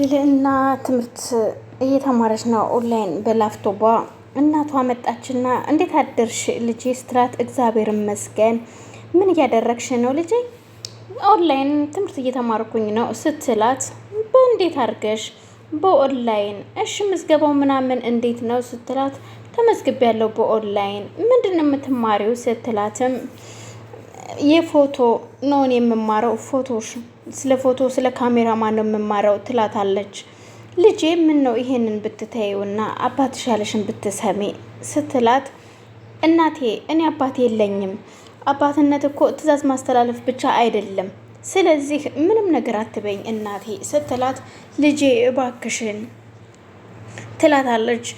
ልዕልና ትምህርት እየተማረች ነው ኦንላይን በላፍቶቧ። እናቷ መጣችና እንዴት አደርሽ ልጄ ስትላት፣ እግዚአብሔር ይመስገን። ምን እያደረግሽ ነው ልጄ? ኦንላይን ትምህርት እየተማርኩኝ ነው ስትላት፣ በእንዴት አድርገሽ በኦንላይን? እሺ ምዝገባው ምናምን እንዴት ነው ስትላት፣ ተመዝግቤያለሁ በኦንላይን። ምንድን ነው የምትማሪው ስትላትም የፎቶ ነው እኔ የምማረው ፎቶ ስለ ፎቶ ስለ ማን ነው የምማረው ትላታለች። ልጄ ምን ነው ይሄንን ብትተይውና አባትሽ ያለሽን ብትሰሚ ስትላት፣ እናቴ እኔ አባት የለኝም። አባትነት እኮ ትዕዛዝ ማስተላለፍ ብቻ አይደለም። ስለዚህ ምንም ነገር አትበኝ እናቴ ስትላት፣ ልጄ እባክሽን ትላታለች።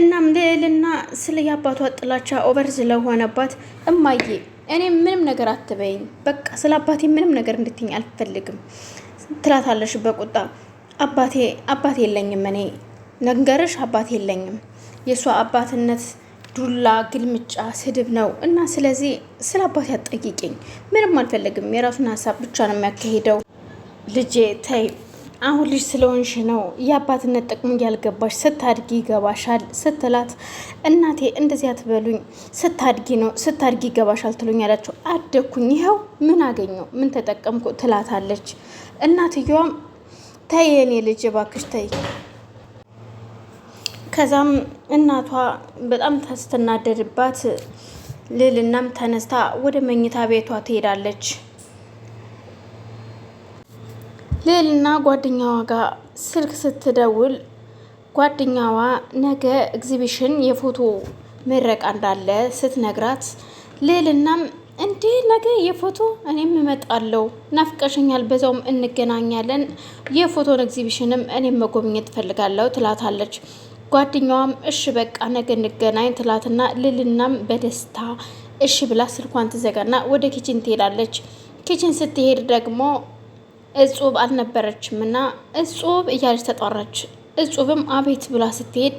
እናም ልዕልና ስለ የአባቷ ጥላቻ ኦቨር ስለሆነባት እማዬ እኔ ምንም ነገር አትበይኝ፣ በቃ ስለ አባቴ ምንም ነገር እንድትኝ አልፈልግም ትላታለሽ በቁጣ አባቴ አባቴ የለኝም። እኔ ነገርሽ አባቴ የለኝም። የእሷ አባትነት ዱላ፣ ግልምጫ፣ ስድብ ነው እና ስለዚህ ስለ አባቴ አጠይቂኝ፣ ምንም አልፈልግም። የራሱን ሀሳብ ብቻ ነው የሚያካሂደው። ልጄ ተይ አሁን ልጅ ስለሆንሽ ነው የአባትነት ጥቅሙ ያልገባሽ፣ ስታድጊ ይገባሻል ስትላት፣ እናቴ እንደዚህ አትበሉኝ፣ ስታድጊ ነው ስታድጊ ይገባሻል ትሉኝ ያላቸው አደግኩኝ፣ ይኸው ምን አገኘው፣ ምን ተጠቀምኩ ትላታለች። እናትየዋም ተይ የኔ ልጅ እባክሽ ተይ። ከዛም እናቷ በጣም ተስትናደድባት ልልናም ተነስታ ወደ መኝታ ቤቷ ትሄዳለች። ልዕልና ጓደኛዋ ጋር ስልክ ስትደውል ጓደኛዋ ነገ ኤግዚቢሽን የፎቶ ምረቃ እንዳለ ስትነግራት ልዕልናም እንዴ ነገ የፎቶ እኔም እመጣለሁ፣ ናፍቀሽኛል፣ በዛውም እንገናኛለን፣ የፎቶን ኤግዚቢሽንም እኔም መጎብኘት ትፈልጋለሁ ትላታለች። ጓደኛዋም እሽ በቃ ነገ እንገናኝ ትላትና ልዕልናም በደስታ እሽ ብላ ስልኳን ትዘጋና ወደ ኪችን ትሄዳለች። ኪችን ስትሄድ ደግሞ እጹብ አልነበረችም እና እጹብ እያለች ተጣራች። እጹብም አቤት ብላ ስትሄድ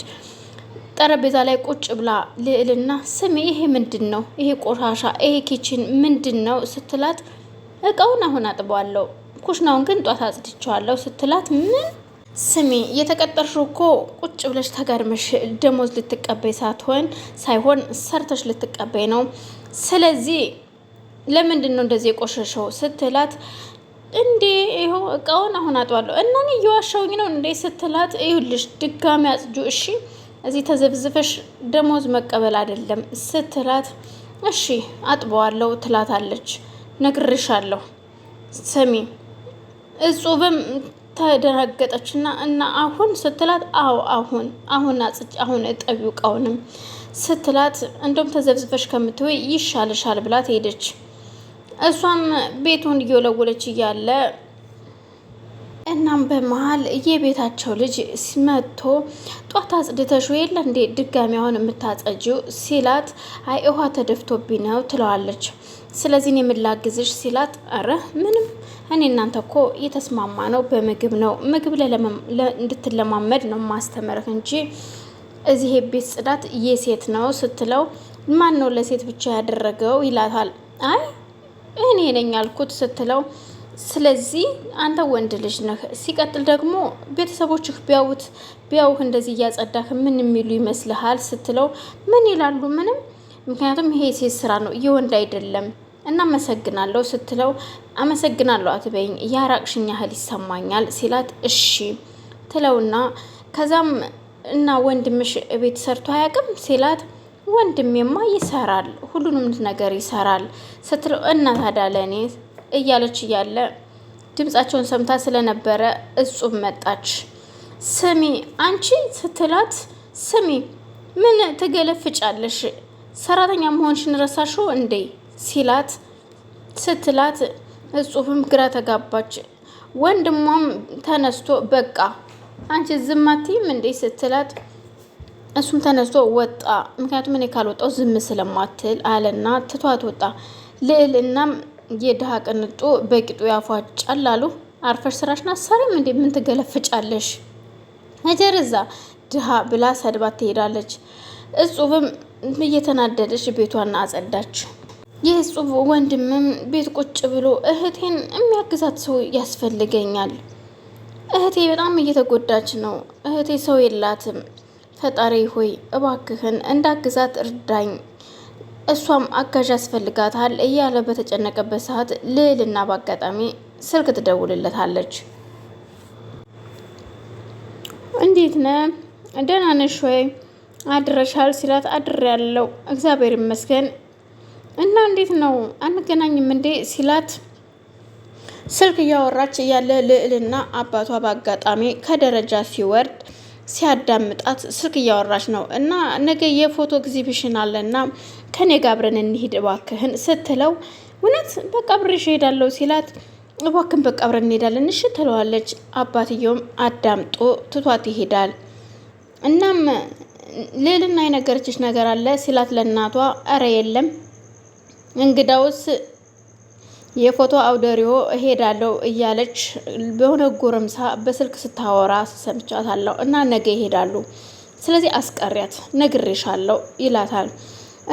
ጠረጴዛ ላይ ቁጭ ብላ ልዕልና ስሜ ይሄ ምንድን ነው? ይሄ ቆሻሻ፣ ይሄ ኪችን ምንድን ነው ስትላት እቃውን አሁን አጥበዋለሁ፣ ኩሽናውን ግን ጧት አጽድቼዋለሁ ስትላት ምን ስሜ የተቀጠርሽው እኮ ቁጭ ብለሽ ተገርመሽ ደሞዝ ልትቀበይ ሳትሆን ሳይሆን ሰርተሽ ልትቀበይ ነው። ስለዚህ ለምንድን ነው እንደዚህ የቆሸሸው ስትላት እንዴ ይኸው እቃውን አሁን አጥባለሁ እናን እየዋሻውኝ ነው እንዴ ስትላት፣ ይኸውልሽ ድጋሚ አጽጁ እሺ፣ እዚህ ተዘብዝፈሽ ደሞዝ መቀበል አይደለም ስትላት፣ እሺ አጥበዋለሁ ትላታለች። ነግርሻለሁ ሰሚ እጹብም ተደናገጠች እና እና አሁን ስትላት፣ አዎ አሁን አሁን አጽጅ አሁን እጠቢው እቃውንም ስትላት፣ እንደውም ተዘብዝፈሽ ከምትወይ ይሻልሻል ብላት ሄደች። እሷም ቤቱን እየወለወለች እያለ እናም በመሀል የቤታቸው ልጅ መጥቶ ጧት አጽድተሽ የለ እንዴ ድጋሚ አሁን የምታጸጂው ሲላት፣ አይ ውሃ ተደፍቶብኝ ነው ትለዋለች። ስለዚህ እኔ የምላግዝሽ ሲላት፣ አረ ምንም እኔ እናንተ እኮ የተስማማ ነው በምግብ ነው ምግብ እንድትለማመድ ነው ማስተመረህ እንጂ እዚህ የቤት ጽዳት የሴት ነው ስትለው፣ ማን ነው ለሴት ብቻ ያደረገው ይላታል። አይ እኔ ነኝ ያልኩት ስትለው ስለዚህ አንተ ወንድ ልጅ ነህ። ሲቀጥል ደግሞ ቤተሰቦችህ ቢያውት ቢያውህ እንደዚህ እያጸዳህ ምን የሚሉ ይመስልሃል? ስትለው ምን ይላሉ? ምንም። ምክንያቱም ይሄ የሴት ስራ ነው የወንድ አይደለም። እናመሰግናለሁ ስትለው አመሰግናለሁ አትበይኝ፣ ያራቅሽኝ ያህል ይሰማኛል ሲላት እሺ ትለውና ከዛም እና ወንድምሽ ቤት ሰርቶ አያውቅም ሲላት ወንድሜማ ይሰራል፣ ሁሉንም ነገር ይሰራል ስትለው እና ታዲያ ለእኔ እያለች እያለ ድምፃቸውን ሰምታ ስለነበረ እጹብ መጣች። ስሚ አንቺ ስትላት፣ ስሚ ምን ትገለፍጫለሽ? ሰራተኛ መሆንሽን ረሳሽው እንዴ ሲላት ስትላት፣ እጹብም ግራ ተጋባች። ወንድሟም ተነስቶ በቃ አንቺ ዝም አትይም እንዴ ስትላት እሱም ተነስቶ ወጣ። ምክንያቱም እኔ ካልወጣው ዝም ስለማትል አለና ትቷት ወጣ። እናም የድሃ ቅንጡ በቂጡ ያፏጫል አሉ። አርፈሽ ስራሽን አሰሪም እንዴ ምን ትገለፍጫለሽ? መጀርዛ ድሃ ብላ ሰድባት ትሄዳለች። እጹብም እየተናደደች ቤቷን አጸዳች። ይህ እጹብ ወንድምም ቤት ቁጭ ብሎ እህቴን የሚያግዛት ሰው ያስፈልገኛል፣ እህቴ በጣም እየተጎዳች ነው፣ እህቴ ሰው የላትም ፈጣሪ ሆይ እባክህን እንዳግዛት እርዳኝ፣ እሷም አጋዥ ያስፈልጋታል እያለ በተጨነቀበት ሰዓት ልዕልና በአጋጣሚ ስልክ ትደውልለታለች። እንዴት ነ ደህና ነሽ ወይ? አድረሻል ሲላት አድር ያለው እግዚአብሔር ይመስገን እና እንዴት ነው አንገናኝም እንዴ ሲላት ስልክ እያወራች እያለ ልዕልና አባቷ በአጋጣሚ ከደረጃ ሲወርድ ሲያዳምጣት ስልክ እያወራች ነው እና ነገ የፎቶ ኤግዚቢሽን አለና ከኔ ጋር አብረን እንሂድ እባክህን ስትለው እውነት በቃ አብሬሽ እሄዳለሁ ሲላት እባክን በቃ አብረን እንሄዳለን እሺ ትለዋለች። አባትየውም አዳምጦ ትቷት ይሄዳል። እናም ልዕልና የነገረችሽ ነገር አለ ሲላት ለእናቷ ኧረ የለም እንግዳውስ የፎቶ አውደሪዮ ርዕዮ እሄዳለሁ እያለች በሆነ ጎረምሳ በስልክ ስታወራ ሰምቻታለሁ እና ነገ ይሄዳሉ፣ ስለዚህ አስቀሪያት ነግሬሻለሁ ይላታል።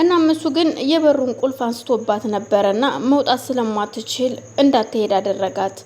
እናም እሱ ግን የበሩን ቁልፍ አንስቶባት ነበረና መውጣት ስለማትችል እንዳትሄድ አደረጋት።